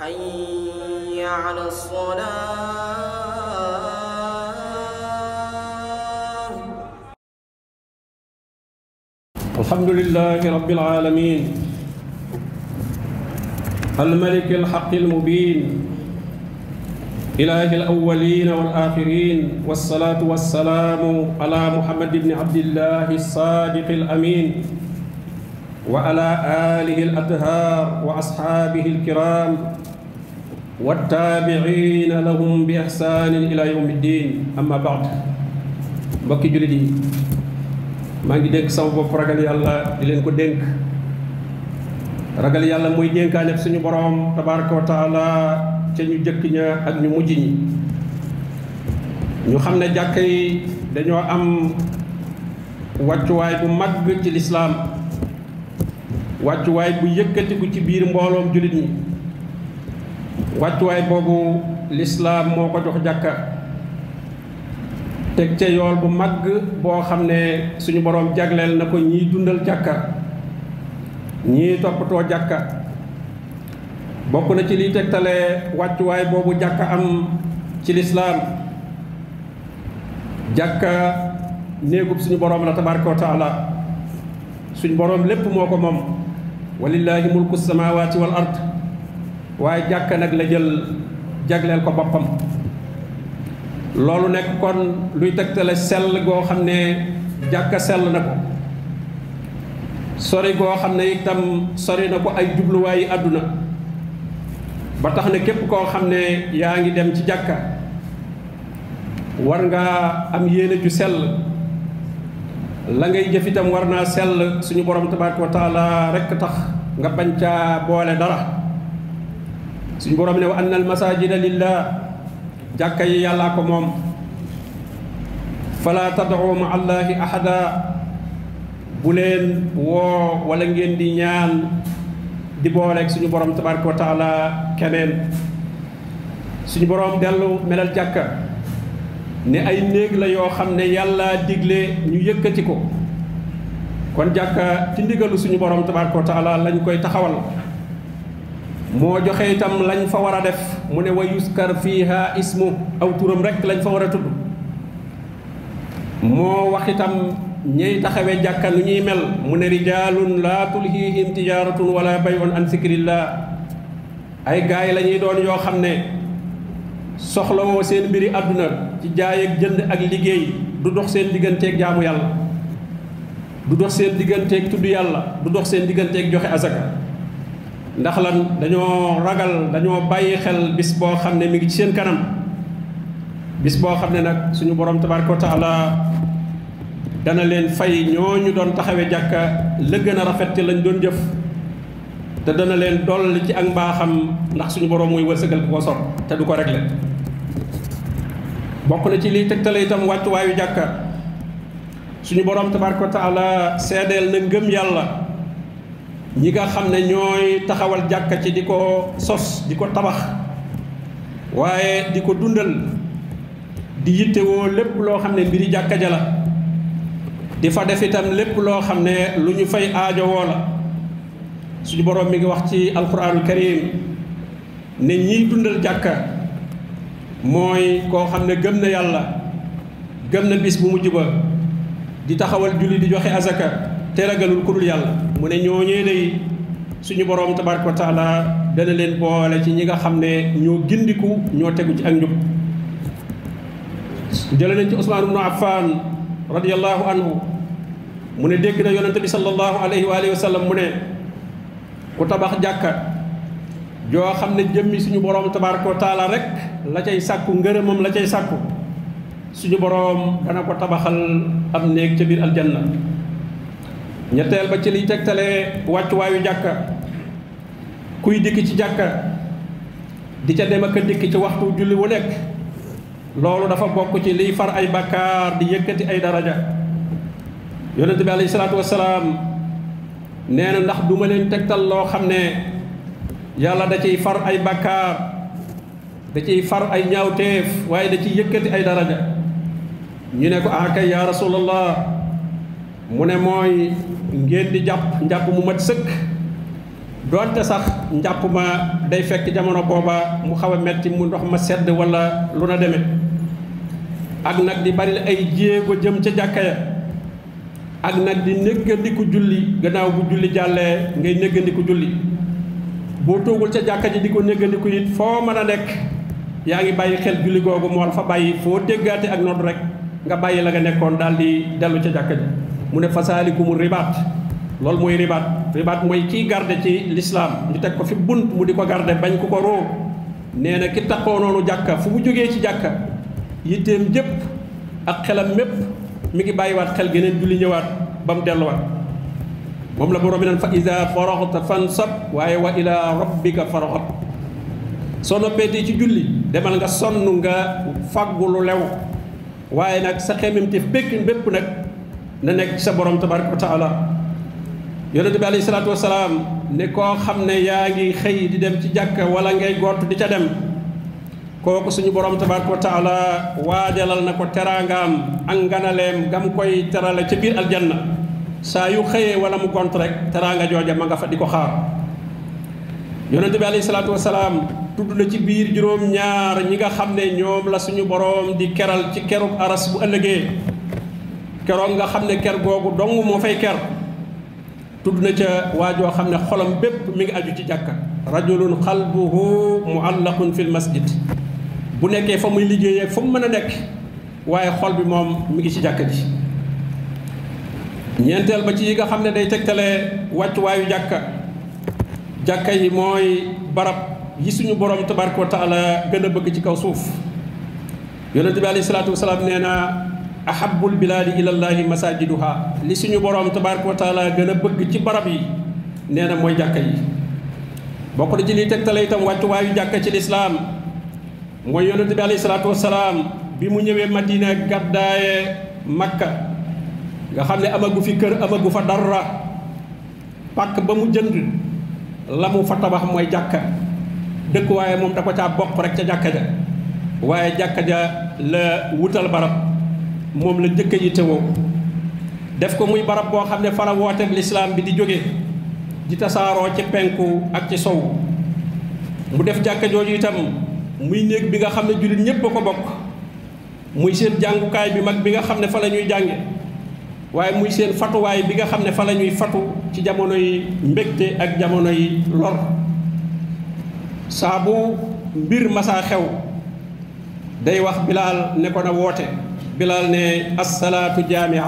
حي على الصلاة الحمد لله رب العالمين الملك الحق المبين إله الأولين والآخرين والصلاة والسلام على محمد بن عبد الله الصادق الأمين وعلى آله الأطهار وأصحابه الكرام والتابعين لهم بإحسان إلى يوم الدين أما بعد mbokki julit yi maa ngi dénk sama bopp ragal yàlla di leen ko dénk ragal yàlla mooy dénkaane suñu borom tabaraka wa taala ca ñu jëkk ña ak ñu mujj ñi ñu xam dañoo am bu mag ci lislaam bu yëkkatiku ci biir mbooloom julit ñi wàccuwaay boobu lislaam moo ko jox jàkka teg ca yool bu màgg boo xam ne suñu boroom jagleel na ko ñiy dundal jàkka ñii toppatoo jàkka bokk na ci liy tegtale wàccuwaay boobu jàkka am ci lislaam jàkka néegub suñu boroom la tabaraka wa taala suñu boroom lépp moo ko moom walillaahi mulku samaawaati wal ard waaye jàkk nag la jël jagleel ko boppam loolu nekk kon luy tegtale sell goo xam ne jàkka sell na ko sori goo xam ne itam sori na ko ay jubluwaayi àdduna ba tax ne képp koo xam ne yaa ngi dem ci jàkka war am yéene ju sell la ngay jëf itam war naa sell suñu borom tabaaraka wa taala rekk tax nga bañ caa boole dara suñ borom ne wa anna al masajida lillah jàkka yi yàllaa ko moom fala tad'u ma allahi ahada bu leen woo wala ngeen di ñaan di booleeg suñu borom tabaraka wa taala keneen suñu borom dellu melal jàkka ne ay néeg la yoo xam ne yàlla digle ñu yëkkati ko kon jàkka ci ndigalu suñu borom tabaraka wa taala lañ koy taxawal mo joxe itam lañ fa war def mu ne wa fiha ismu aw turam rek lañ fa war a tudd moo wax itam ñey taxawee jàkka nu ñuy mel mu ne rijalun la tulhihim tijaratun wala bayun an sikrillah ay gaay la ñuy doon yo xam ne soxlawoo seen mbiri àdduna ci jaay ak jënd ak liggéey du dox seen digganteeg jaamu yàlla du dox seen digganteeg tudd yàlla du dox seen joxe azaka ndax lan dañoo ragal dañoo bàyyi xel bis boo xam ne mi ngi ci seen kanam bis boo xam ne nag suñu borom tabaraka wa taala dana leen fay ñooñu doon taxawe jàkka la gën a rafet ci lañ doon jëf te dana leen dolli ci ak mbaaxam ndax suñu borom muy wërsëgal ko sor te du ko regle bokk na ci liy tegtale itam wàccuwaayu jàkka suñu borom tabaraka wa taala seedeel na ngëm yàlla ñi nga xam ne ñooy taxawal jàkka ci di ko sos di ko tabax waaye di ko dundal di yittewoo lépp loo xam ne mbiri jàkka ja la di fa def itam lépp loo xam ne lu ñu fay aajo aajowoo la suñu boroom mi ngi wax ci alquranul karim ne ñiy dundal jàkka mooy koo xam ne gëm na yàlla gëm na bis bu mujj ba di taxawal julli di joxe azaka te ragalul ku dul yàlla mu ne ñooñee day suñu boroom tabaraka wa taala dana leen boole ci ñi nga xam ne ñoo gindiku ñoo tegu ci ak njub jële nañ ci Ousmane ibnu Affan radiyallahu anhu mu ne dégg na yonente bi sallallahu alayhi wa alihi wa sallam mu ne ku tabax jàkka joo xam ne jëmmi suñu borom tabaraka wa taala rek la cay sàkku ngërëmam la cay sàkku suñu borom dana ko tabaxal am néeg ca biir aljanna ñetteel ba ci liy tegtalee wàccuwaayu jàkka kuy ci di ca dem ak ci waxtu julli wu dafa ci far ay di yëkkati ay daraja yonente bi alayhi salaatu wasalaam nee na ndax du ma leen tegtal loo xam ne yàlla da ciy far ay bakkaar da ciy far ay ñaawteef waaye da ciy yëkkati ay daraja ñu ne ko ah kay mu ne mooy ngeen di jàpp njàpp mu mat sëkk doonte sax njàpp ma day fekk jamono booba mu xaw a metti mu ndox ma sedd wala lu na deme ak nag di bari ay jéego jëm ca jàkka ya ak nag di néggandiku julli gannaaw bu julli jàllee ngay néggandiku julli boo toogul ca jàkka ji di ko néggandiku it foo mën a nekk yaa ngi bàyyi xel julli googu mool fa bàyyi foo déggaate ak nodd rek nga bàyyi la nga nekkoon daal di dellu ca jàkka ji mu ne fasalikumu ribaat loolu mooy ribaat ribaat mooy kii garde ci lislaam ñu teg ko fi bunt mu di ko garde bañ ku ko róo nee na ki taxoo noonu jàkka fu mu jógee ci jàkka yitteem jëpp ak xelam mépp mu ngi bàyyiwaat xel geneen julli ñëwaat ba mu delluwaat moom la borom naan fa ida faraxta fansab waaye wa ila rabbika faraxat soo noppeetee ci julli demal nga sonn nga fàggulu lew waaye nag sa xemimtif békk bépp nag na nekk sa borom tabaraka wa taala yonente ya bi alayhi salaatu wasalaam ne koo xam ne yaa di dem ci jàkka wala ngay gott di ca dem kooku suñu borom tabaraka wa taala waajalal na ko ak nganaleem gam koy terale ca biir aljanna saa yu xëyee wala mu gont rek teraanga jooja ma nga fa di ko xaar yonente ya bi alayhi salaatu wasalaam tudd na ci biir juróom ñaar ñi nga ne ñoom la suñu borom di keral ci aras bu ëllëgee keroog nga xamne ker googu dong mo fay ker tudd ci ca waajoo xam xolam bépp mi ngi aju ci jàkka rajulun qalbuhu muallaqun fil masjid bu nekké fa muy liggéeyee fu mu mën a nekk xol bi mom mi ngi ci jàkka ji ñentel ba ci yi nga xamne day tektalé waccu wayu jàkka jàkka yi moy barab yi suñu borom tabaraka taala gëna bëgg ci kaw suuf yonente bi alayhi salatu wasalaam neena ahabbul biladi ilallahi masajiduha li suñu borom tabaraka wa taala gën a bëgg ci barab yi nee na mooy jàkka yi bokk na ci liy tegtale itam wàccuwaayu jàkka ci lislaam mooy yonente bi alayhi salaatu wasalaam bi mu ñëwee madina gàddaaye makka nga xam amagu fi kër amagu fa dara pàkk ba mu jënd la mu fa tabax mooy jàkka dëkk waaye moom da ko bokk rek ca ja ja wutal barab moom la njëkk a yittewoo def ko muy barab boo xam ne fa la wooteeb lislaam bi di jóge di tasaaroo ci penku ak ci sow mu def jàkka jooju itam muy néeg bi nga xam ne jullit ñépp a ko bokk muy seen jàngukaay bi mag bi nga xam ne fa la ñuy jànge waaye muy seen fatuwaay bi nga xam ne fa la ñuy fatu ci jamono yi mbégte ak jamono yi lor saa mbir masaa xew day wax bilaal ne ko na woote bilal ne assalaatu jaamia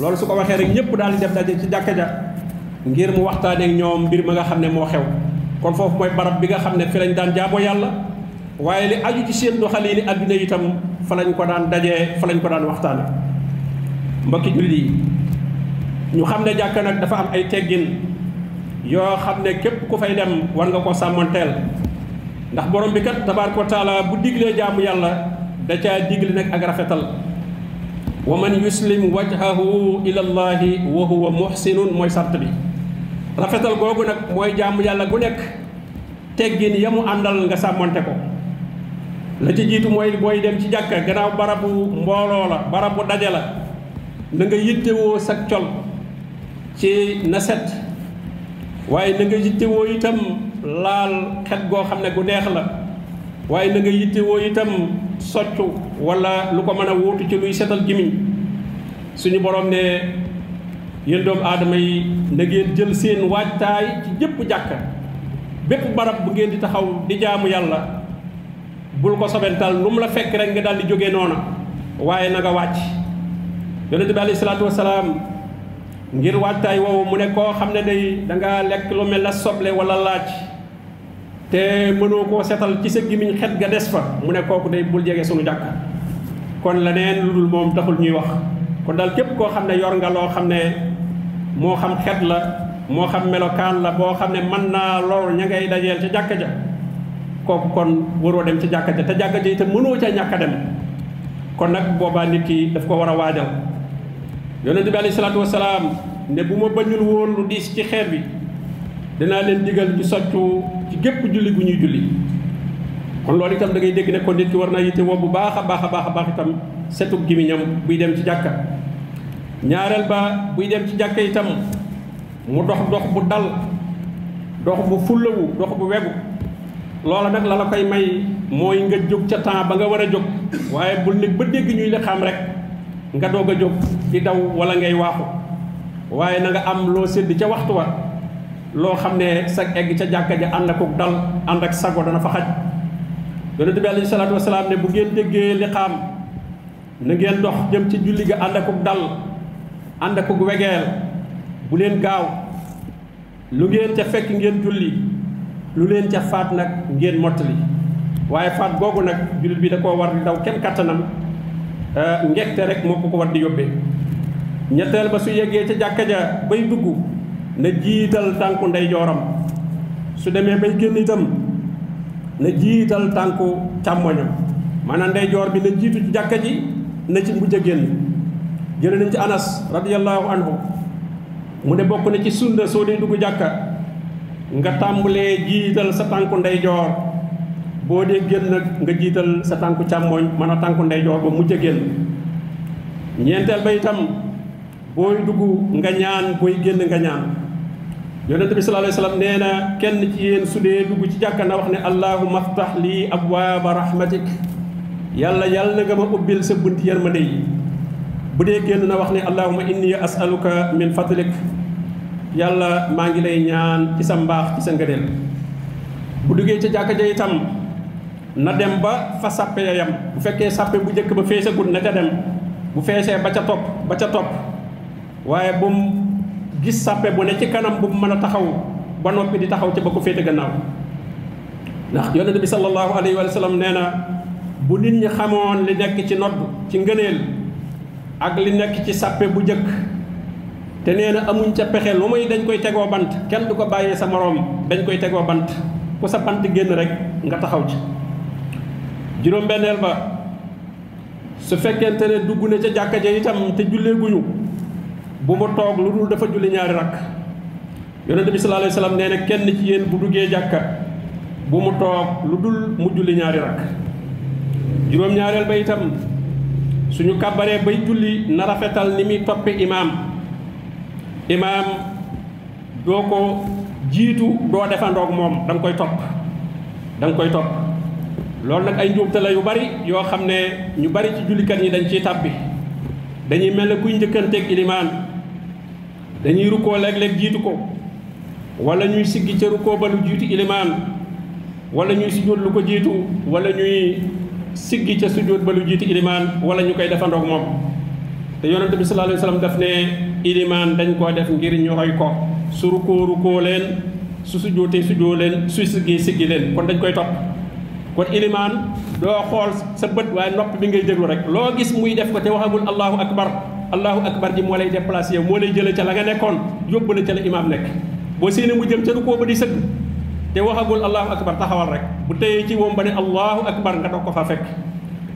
loolu su ko waxee rek ñëpp daal di def daje ci jàkka ja ngir mu waxtaanee ak ñoom mbir ma nga xam ne moo xew kon foofu mooy barab bi nga xam ne fi lañ daan jaabo yàlla waaye li aju ci seen doxalii ni adduna itam fa lañ ko daan daje fa ko daan waxtaane mbokki jullit yi ñu xam ne jàkka nag dafa am ay teggin yoo xam ne képp ko fay dem war nga koo sàmmanteel ndax borom bi kat tabaaraka wa bu diglee jaamu yàlla da caa digle n ak rafetal wa man yuslim wajhahu ila llahi wa huwa muhsinun mooy sart bi rafetal googu nag mooy jàmm yàlla gu nekk teggin ya mu àndal nga sàmmante ko la ci jiitu mooy booy dem ci jàkka gannaaw barabu mbooloo la barabu daje la na nga yittewoo sag col ci na set waaye na nga yittewoo itam laal xet goo xam ne gu neex la waaye na nga yittewoo itam soccu walla lu ko mën a wóotu ci luy setal gémmiñ suñu boroom ne yéen doomu aadama yi na ngeen jël seen waajtaay ci jëpp jàkka bépp barab bu ngeen di taxaw di jaamu yàlla bul ko sobental lu mu la fekk rek nga daal di jógee noona waaye na nga wàcc yonent bi alayhi salaatu wasalaam ngir waajtaay woowu mu ne koo xam ne day danga lekk lu mel ne soble wala laaj te mënoo koo setal ci sa gimiñ xet ga des fa mu ne kooku day bul jege sunu jàkk kon la neen lu dul moom taxul ñuy wax kon dal képp koo xam ne yor nga loo xam ne moo xam xet la moo xam melokaan la boo xam ne mën naa lool ña ngay dajeel ca jàkk ja kooku kon waroo dem ca jàkka ja te jàkka ja itam mënoo ca ñàkk dem kon nag boobaa nit ki daf ko war a waajal yonente bi alayhi salaatu wasalaam ne bu ma bañul woon lu diis ci xeer bi dinaa leen digal ñu ci gépp julli gu ñuy julli kon loolu itam da ngay dégg ne kon nit ki war naa yitte woo bu baax a baax a baax a baax itam setu gimiñam buy dem ci jàkka ñaareel ba buy dem ci jàkka itam mu dox dox bu dal dox bu fullawu dox bu wegu loola nag la la koy may mooy nga jóg ca temps ba nga war a jóg waaye bul ba dégg ñuy la xam rek nga doog a jóg di daw wala ngay waaxu waaye na nga am loo sédd ca waxtu wa lo xam ne sa egg ca jàkka ja ànd akuk dal ànd ak sago dana fa xaj yonente bi alayhi salaatu wasalaam ne bu ngeen déggee liqaam na ngeen dox jëm ci julli ga ànd akuk dal ànd akuk wegeel bu leen gaaw lu ngeen ca fekk ngeen julli lu leen ca faat nag ngeen mottali waaye fat googu nag jullit bi da koo war di ken kenn kattanam eh, ngegte rek moo ko war di yóbbee ñetteel ba su yeggee ca jàkka ja bay dugg na jiital tànku ndeyjooram su demee bay génn itam na jiital tànku càmmoñam maanaam ndeyjoor bi na jiitu ci jàkka ji na ci mujj a génn nañ ci anas radiyallahu anhu mu ne bokk na ci sunna soo dee dugg jàkka nga tàmbalee jiital sa tànku ndeyjoor boo dee génn nga jiital sa tànku càmmoñ mën a tànku ndeyjoor ba mujj a génn ñeenteel ba itam booy dugg nga ñaan booy génn nga ñaan yonent bi sallallahu alayhi wasallam neena kenn ci yeen su dee dugg ci jàkka na wax ne allahumma aftah li abwaaba rahmatik yalla yalla nga ma ubbil sa bunt yërmande yi bu dee génn na wax ne allahumma inni as'aluka min fadlik yàlla maa ngi lay ñaan ci sa mbaax ci sa ngëneel bu duggee ca jàkka ja itam na dem ba fa sàppe ya yam bu fekkee sàppe bu njëkk ba feesagul na ca dem bu feesee ba ca topp ba ca topp waaye bu gis sàppe bu ne ci kanam bu mën a taxaw ba noppi di taxaw ca ba ko féete gannaaw ndax yonente bi salallahu alayhi wa sallam nee na bu nit ñi xamoon li nekk ci nodd ci ngëneel ak li nekk ci sàppe bu jëkk te nee na amuñ ca pexe lu muy dañ koy tegoo bant kenn du ko bàyyee sa moroom dañ koy tegoo bant ku sa bant génn rek nga taxaw ci juróom benneel ba su fekkente ne dugg na ca jàkka ja itam te julleeguñu bu mu toog lu dul dafa julli ñaari rakk yonente bi sallallahu alayhi wasallam nee na kenn ci yéen bu duggee jàkka bu mu toog lu dul mu julli ñaari rakk juróom-ñaareel ba itam suñu kàbbaree bay julli na rafetal ni muy toppe imaam imaam doo ko jiitu doo defandoog moom da koy topp da koy topp loolu nag ay njuumte la yu bari yoo xam ne ñu bari ci jullikat ñi dañ ciy tàbbi dañuy mel ne kuy njëkkanteeg ilimaan dañuy rukkoo léeg-léeg jiitu ko wala ñuy siggi ca rukkoo ba lu jiitu ilimaan wala ñuy sujjóot lu ko jiitu wala ñuy siggi ca sujjóot ba lu jiitu ilimaan wala ñu koy defandoog moom te yonente bi sallallahu alayhi wasallam daf ne dañ koo def ngir ñu roy ko su rukkoo rukkoo leen su sujjóotee sujjóo leen su siggee siggi leen kon dañ koy topp kon ilimaan doo xool sa bët waaye nopp bi ngay déglu rek loo gis muy def ko te waxagul allahu akbar allahu akbar ji moo lay déplacé moo lay jëlee ca la nga nekkoon yóbbu la ca la imaam nekk boo séenee mu jëm ca rukoo ba di sëgg te waxagul allahu akbar taxawal rek bu téyee ci moom ba ne allahu akbar nga doog ko fa fekk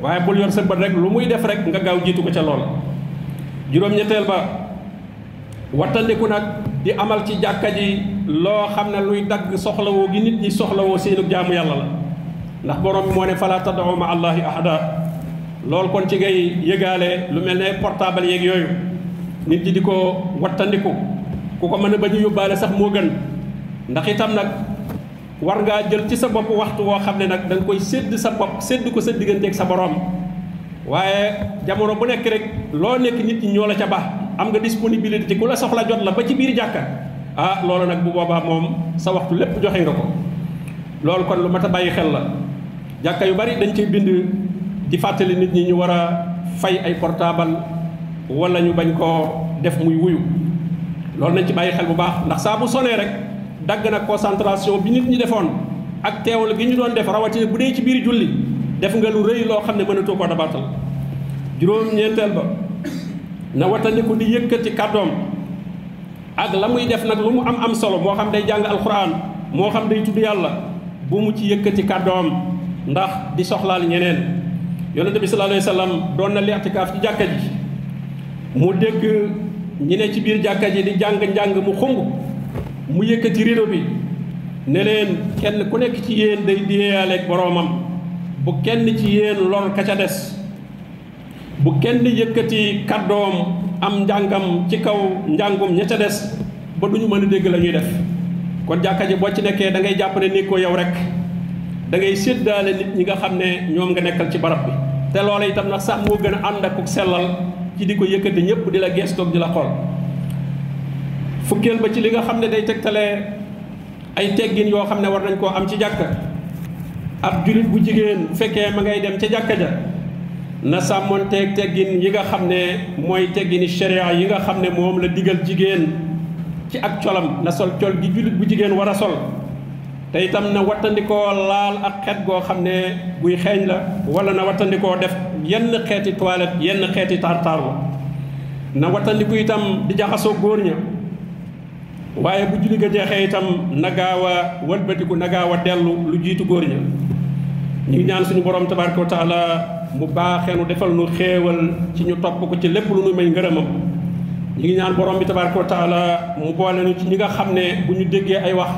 waaye bul yor sa bët lu muy def rek nga gaaw jiitu ko ca loola juróom-ñetteel ba wattandiku nag di amal ci jàkka ji loo xam ne luy dagg soxlawoo gi nit ñi soxlawoo seenu jaamu yàlla la ndax borom moo ne fala tad'u ma allahi loolu kon ci ngay yëgaale lu mel ne ay portable yeeg yooyu nit ñi di ko wattandiku ku ko mën a bañ a yóbbaale sax moo gën ndax itam nag war ngaa jël ci sa bopp waxtu woo xam ne nag da koy sédd sa bopp sédd ko sa digganteeg sa boroom waaye jamono bu nekk rek loo nekk nit ñi ñoo la ca ba am nga disponibilité ku la soxla jot la ba ci biir jàkka ah loolu nag bu boobaa moom sa waxtu lépp joxe nga ko loolu kon lu mat a bàyyi xel la jàkka yu bari dañ ciy bind di fàttali nit ñi ñu war a fay ay portable wala ñu bañ koo def muy wuyu loolu nañ ci bàyyi xel bu baax ndax saa bu sonee rek dagg na concentration bi nit ñi defoon ak teewal gi ñu doon def rawatina bu dee ci biir julli def nga lu rëy loo xam ne mënatoo ko dabaatal juróom ñeenteel ba na watandiku di yëkkati kàddoom ak la muy def nag lu mu am am solo moo xam day jàng alquran moo xam day tudd yàlla bu mu ci yëkkati kàddoom ndax di soxlaal ñeneen yonente bi sallallahu alayhi wa sallam doon na leextikaaf ci jàkka ji mu dégg ñi ne ci biir jàkka ji di jàng njàng mu xumb mu yëkkati rido bi ne leen kenn ku nekk ci yéen day diyeyaaleeg boroomam bu kenn ci yéen lor ka ca des bu kenn yëkkati kàddoom am njàngam ci kaw njàngum ña ca des ba ñu mën a dégg la ñuy def kon jàkka ji boo ci nekkee da ngay jàpp ne yow rek dangay séddaale nit ñi nga xam ne ñoom nga nekkal ci barab bi te loola itam nag sax moo gën a ànd ak sellal ci di ko yëkkati ñëpp di la geestoog di la xool fukkeel ba ci li nga xam ne day tegtalee ay teggin yoo xam ne war nañ koo am ci jàkka ab jullit bu jigéen bu fekkee ma ngay dem ca jàkka ja na sàmmoonteeg teggin yi nga xam ne mooy teggini sharia yi nga xam ne moom la digal jigéen ci ak colam na sol col gi jullit bu jigéen war a sol te itam na wattandikoo laal ak xeet goo xam ne buy xeeñ la wala na wattandikoo def yenn xeeti toilette yenn xeeti tartar la na wattandiku itam di jaxasoo góor ña waaye bu julli ga jeexee itam na gaaw a wëlbatiku na gaaw a dellu lu jiitu góor ña ñu ngi ñaan suñu borom tabaraka wa taala mu baaxee nu defal nu xéewal ci ñu topp ko ci lépp lu nu may ngërëmam ñu ngi ñaan borom bi tabaraka wa taala mu boole ci ñi nga xam ne bu ñu déggee ay wax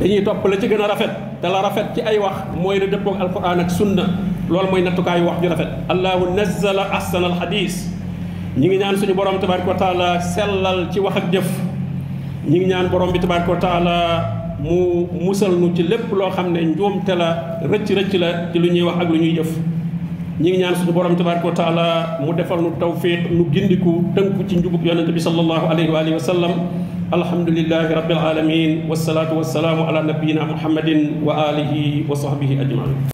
dañuy topp la ci gën a rafet te la rafet ci ay wax mooy la dëppoog alquran ak sunna loolu mooy nattukaayu wax ju rafet allahu nazzala ahsana alxadis ñi ngi ñaan suñu borom tabaraka wa taala sellal ci wax ak jëf ñi ngi ñaan borom bi tabaraka wa mu musal nu ci lépp loo xam ne njuumte la rëcc-rëcc la ci lu ñuy wax ak lu ñuy jëf ñi ngi ñaan suñu borom tabaraka wa taala mu defal nu tawfiq nu gindiku tënku ci njubug yonente bi sallallahu alayhi wa alihi wa sallam الحمد لله رب العالمين والصلاة والسلام على نبينا محمد وآله وصحبه أجمعين